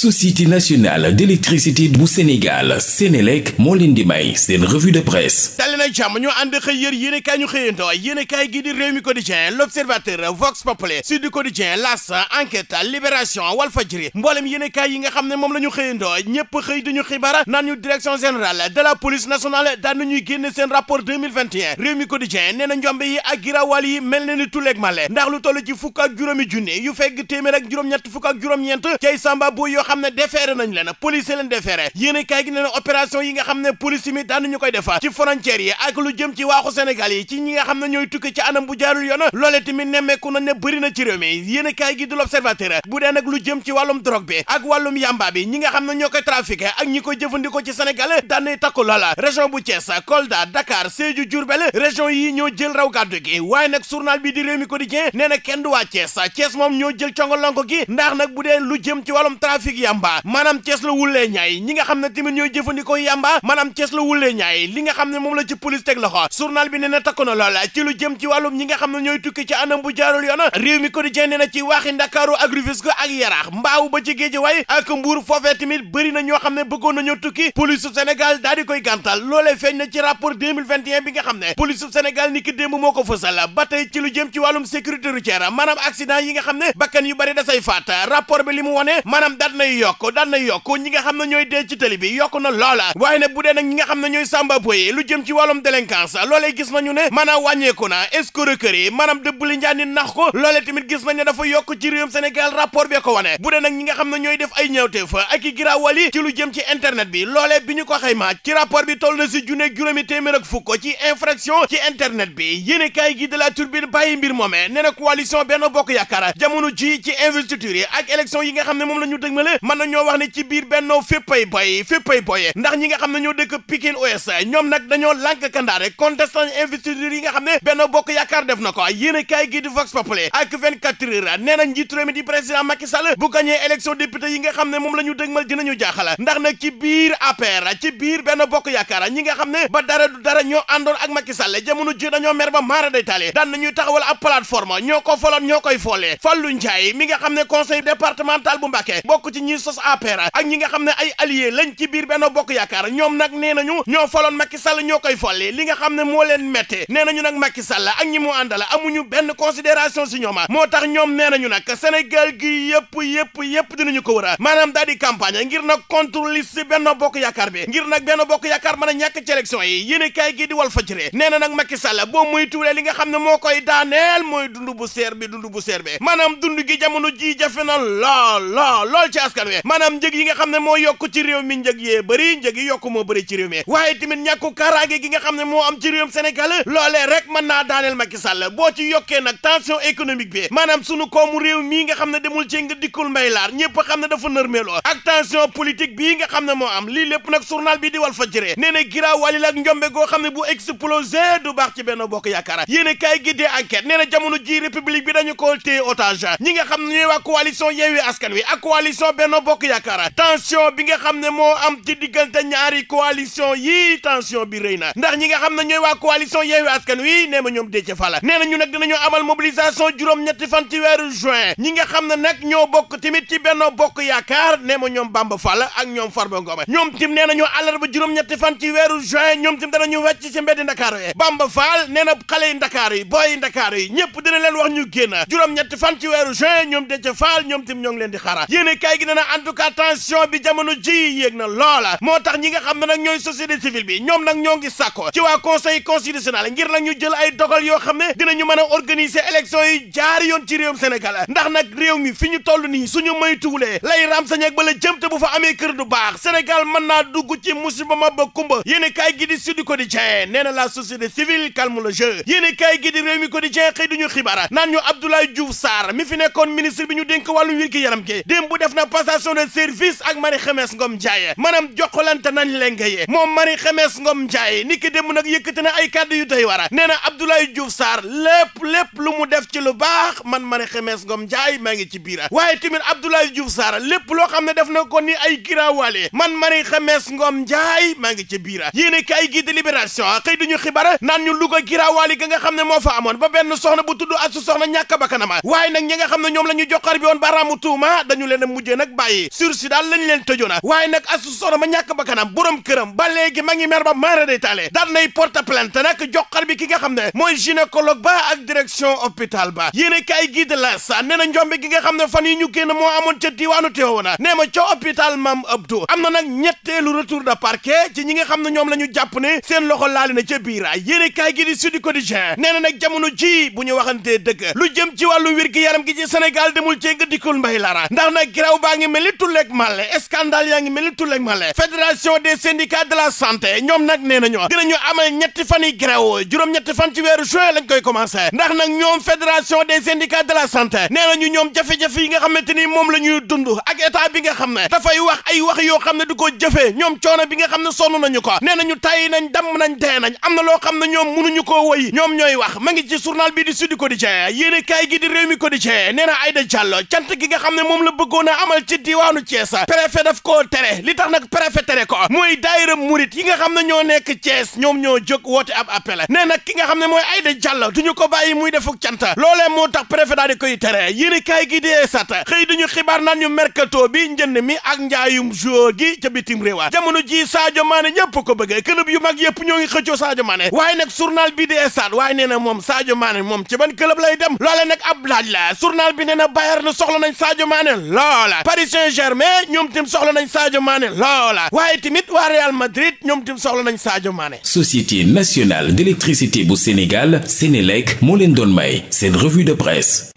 société nationale d'électricité bu Sénégal Sénélec moo leen di may seen revue de presse dali nag jàmm ñu ànd xëy yër yéen i kaay ñu xëyantoo yéen i kaay gi di Rewmi Quotidien L'Observateur Vox Populi Sud mboolem yéen i kaay yi nga xam ne moom la ñu xëyantoo ñépp xëy duñu xibaar naan ñu direction générale de la police nationale daan nañuy génne seen rapport 2021 Rewmi Quotidien nee na njombe yi ak giraawal yi mel na ni tuleeg male ndax lu toll ci fukk ak juróomi junne yu fekk téeméer ak juróom-ñett fukk ak xam na defeere nañ leen police leen defeere yéen kaay gi nee na opération yi nga xam ne police yi mi daanuñu koy defa ci frontières yi ak lu jëm ci waaxu Sénégal yi ci ñi nga xam ne ñooy tukki ci anam bu jaarul yoon loole tamit nemmeeku nañ ne bëri na ci réew mi yéen kaay gi du l'observateur bu dee nag lu jëm ci wàllum drogue bi ak wàllum yamba bi ñi nga xam na ñoo koy trafiqué ak ñi koy jëfandikoo ci Sénégal daanay takku lala région bu Thiès Kolda Dakar Sédhiou Diourbel région yi ñoo jël raw gàddu gi waaye nag journal bi di réew mi quotidien nee na kenn du waa Thiès Thiès moom ñoo jël congolonko gi ndax nag bu dee lu jëm ci wàllum trafic yamba maanaam Cees la wulee ñaay ñi nga xam ne tamit ñooy jëfandikoo yamba maanaam Cees la wulee ñaay li nga xam ne moom la ci police teg loxo journal bi nee na takku na loola ci lu jëm ci wàllum ñi nga xam ne ñooy tukki ci anam bu jaarul yoon réew mi quotidien nee na ci waaxi Ndakaaru ak Rufisque ak Yaraax mbaaw ba ci Géejawaay ak Mbuur foofee tamit bëri na ñoo xam ne bëggoon nañoo tukki police su Sénégal koy gàntal loolee feeñ na ci rapport nay yokk daan nay yokk ñi nga xam ne ñooy dee ci tëli bi yokk na loola waaye nag ñi nga xam ne ñooy sàmba boye lu jëm ci wàllum délinquance loolee gis nañu ne maanaam wàññeeku na escroquerie maanaam dëbbali njaani nax ko loolee tamit gis nañ dafa yokk ci réewum Sénégal rapport bee ko wane bu dee nag ñi nga xam ne ñooy def ay ñëwteef ak i giraawal ci lu jëm ci internet bi loolee bi ñu ko xayma ci rapport bi toll na si junne juróomi téeméer ak fukk ci mën na ñoo wax ne ci biir bennoo féppay boy féppay boye ndax ñi nga xam ne ñoo dëkk Pikine Ouest ñoom nag dañoo lànk kandaare contestant investiture yi nga xam ne Benno Bokk Yaakaar def na ko yéen kaay gi di Vox Populi ak 24 heures nee na njiitu mi di président Macky Sall bu gagné élection député yi nga xam ne moom la ñu dëgmal dinañu jaaxal ndax nag ci biir APR ci biir Benno Bokk Yaakaar ñi nga xam ne ba dara du dara ñoo àndoon ak Macky Sall jamono ji dañoo mer ba maara day taale daan nañuy taxawal ab plateforme ñoo ko foloon ñoo koy foolee Fallou Ndiaye mi nga xam ne conseil départemental bu Mbacké bokk ci ci ñi sos APR ak ñi nga xam ne ay alliés lañ ci biir Benno Bokk Yaakaar ñoom nag nee nañu ñoo faloon Macky Sall ñoo koy folli li nga xam ne moo leen méttee nee nañu nag Macky Sall ak ñi mu àndala amuñu benn considération si ñooma moo tax ñoom nee nañu nag Sénégal gi yëpp yëpp yëpp dinañu ko wër maanaam daal di campagne ngir nag contre liste Benno Bokk Yaakaar bi ngir nag Benno Bokk Yaakaar mën a ñàkk ci élection yi yéen kaay gi di Walf Fadjri nee na nag Macky li nga xam ne moo koy daaneel mooy dund bu seer bi dund bu seer bi maanaam dund gi jamono ji jafe na lool lool lool askan wi maanaam njëg yi nga xam ne moo yokk ci réew mi njëg yee bëri njëg yi yokk moo bëri ci réew mi waaye tamit ñàkku kaaraange gi nga xam ne moo am ci réewum Sénégal loolee rek mën naa daaneel Macky Sall boo ci yokkee nag tension économique bi maanaam sunu koomu réew mi nga xam ne demul ci nga dikkul mbay laar ñëpp xam ne dafa nërmeeloo ak tension politique bii nga xam ne moo am lii lépp nag journal bi di wal fa jëree nee na giraawaali la ak njombe goo xam ne bu explosé du baax ci benn bokk yaakaar yéen kaay gi di enquête nee na jamono ji république bi dañu ko téye otage ñi nga xam ne ñooy waa coalition Yewwi Askan Wi ak coalition Benno Bokk Yaakaar tension bi nga xam ne moo am ci diggante ñaari coalition yii tension bi rëy na ndax ñi nga xam ne ñooy waa coalition Yewwi Askan Wi nee na ñoom Déthié Fall nee na ñu nag dinañoo amal mobilisation juróom-ñetti fan ci weeru juin ñi nga xam ne nag ñoo bokk tamit ci Benno Bokk Yaakaar nee ma ñoom Bamba Fall ak ñoom Farba Ngom ñoom tim nee na ñu àllarba juróom-ñetti fan ci weeru juin ñoom tim danañu wàcc ci mbeddi Ndakaaru yi Bamba Fall nee na xale yi Ndakaar yi booy Ndakaar yi ñëpp dina leen wax ñu génn juróom-ñetti fan ci weeru juin ñoom Déthié Fall nee na en tout cas tension bi jamono ji yéeg na loola moo tax ñi nga xam ne nag ñooy société civile bi ñoom nag ñoo ngi sàkko ci waa conseil constitutionnel ngir nag ñu jël ay dogal yoo xam ne dinañu mën a organiser élection yi jaar yoon ci réewum Sénégal ndax nag réew mi fi ñu toll nii suñu moytuwulee lay ram sañak ba la jëm te bu fa amee kër du baax Sénégal mën naa dugg ci musiba ma ba kumba yéene kaay gi di Sud Quotidien nee na la société civile calme le jeu yéene kaay gi fi nekkoon ministre bi ñu dénk wàllu wér gi yaram gi démb bu def na passation de service ak mari Khemesse ngoom Ndiaye maanaam jokkalante nañ leen yee moom Marie Khemesse Ngom Ndiaye ni ki démb nag yëkkati na ay kàddu yu tey war a nee na Abdoulaye Diouf Sarr lépp lépp lu mu def ci lu baax man Marie Khemesse Ngom Ndiaye maa ngi ci biira waaye tamit Abdoulaye Diouf Sarr lépp loo xam ne def na ko ni ay giraawaale man Marie Khemesse ngoom Ndiaye maa ngi ci biira yéene kaay gi di Libération xëy duñu xibaar naan ñu lu ko giraawaale ga nga xam ne moo fa amoon ba benn soxna bu tudd asu soxna ñàkk ba bakkanama waaye nag ñi nga xam ne ñoom la ñu joxar bi woon baaraamu tuuma dañu leen a mujjee ak bàyyi sursi daal lañ leen tëjoona waaye nag asu soxna ma ñàkk ba kanam borom këram ba léegi ma ngi mer ba maara day taale daal nay porte plainte nag joxar bi ki nga xam ne mooy gynécologue ba ak direction hôpital ba yéene kaay gii la sa nee na njombe gi nga xam ne fan yi ñu génn moo amoon ca diwaanu Tivaouane nee ma ca hôpital Mame Abdou am na nag ñetteelu retour de parquet ci ñi nga xam ne ñoom la ñu jàpp ne seen loxo laali na ca biira yéene kaay gi di Sud Quotidien lu jëm ci wàllu wér gi yaram gi ci Sénégal demul cee nga dikkul ngi mel ni tulleeg màlle scandale yaa ngi mel ni tulleeg màlle fédération des syndicats de la santé ñoom nag nee nañu dinañu amal ñetti fan yi grève juróom-ñetti fan ci weeru juin lañ koy commencé ndax nag ñoom fédération des syndicats de la santé nee nañu ñoom jafe-jafe yi nga xamante ni moom la ñuy dund ak état bi nga xam ne dafay wax ay wax yoo xam ne du ko jëfee ñoom coono bi nga xam ne na ñu ko nee nañu tàyyi nañ damm nañ dee nañ am na loo xam ne ñoom mënuñu koo woy ñoom ñooy wax ma ngi ci journal bi di Sud Quotidien yéen kaay nga xam ne moom la bëggoon a amal ci diwaanu Thiès préfet daf koo tere li tax nag préfet tere ko mooy daayira murit yi nga xam ne ñoo nekk Thiès ñoom ñoo jóg woote ab appel nee nag ki nga xam ne mooy Aïda Diallo duñu ko bàyyi muy defuk cant loole moo tax préfet daal di koy tere yéen kaay gi dee sat xëy duñu xibaar nan ñu mercato bi njënd mi ak njaayum joueur ca bitim réew jamono ji saajo maane ñëpp ko bëgg club yu mag yëpp ñoo ngi xëcco Sadio Mané waaye nag journal bi dee sat waaye nee na moom Sadio Mané moom ci ban club lay dem loolee nag ab laaj la journal bi nee na Bayern soxla nañ Sadio Mané loola Paris Saint-Germain ñoom tim soxla nañ maane Mané loola waaye tamit waa Real Madrid ñoom tim soxla nañ maane Mané. Société nationale d'électricité bu Sénégal Sénélec moo leen doon may seen revue de presse.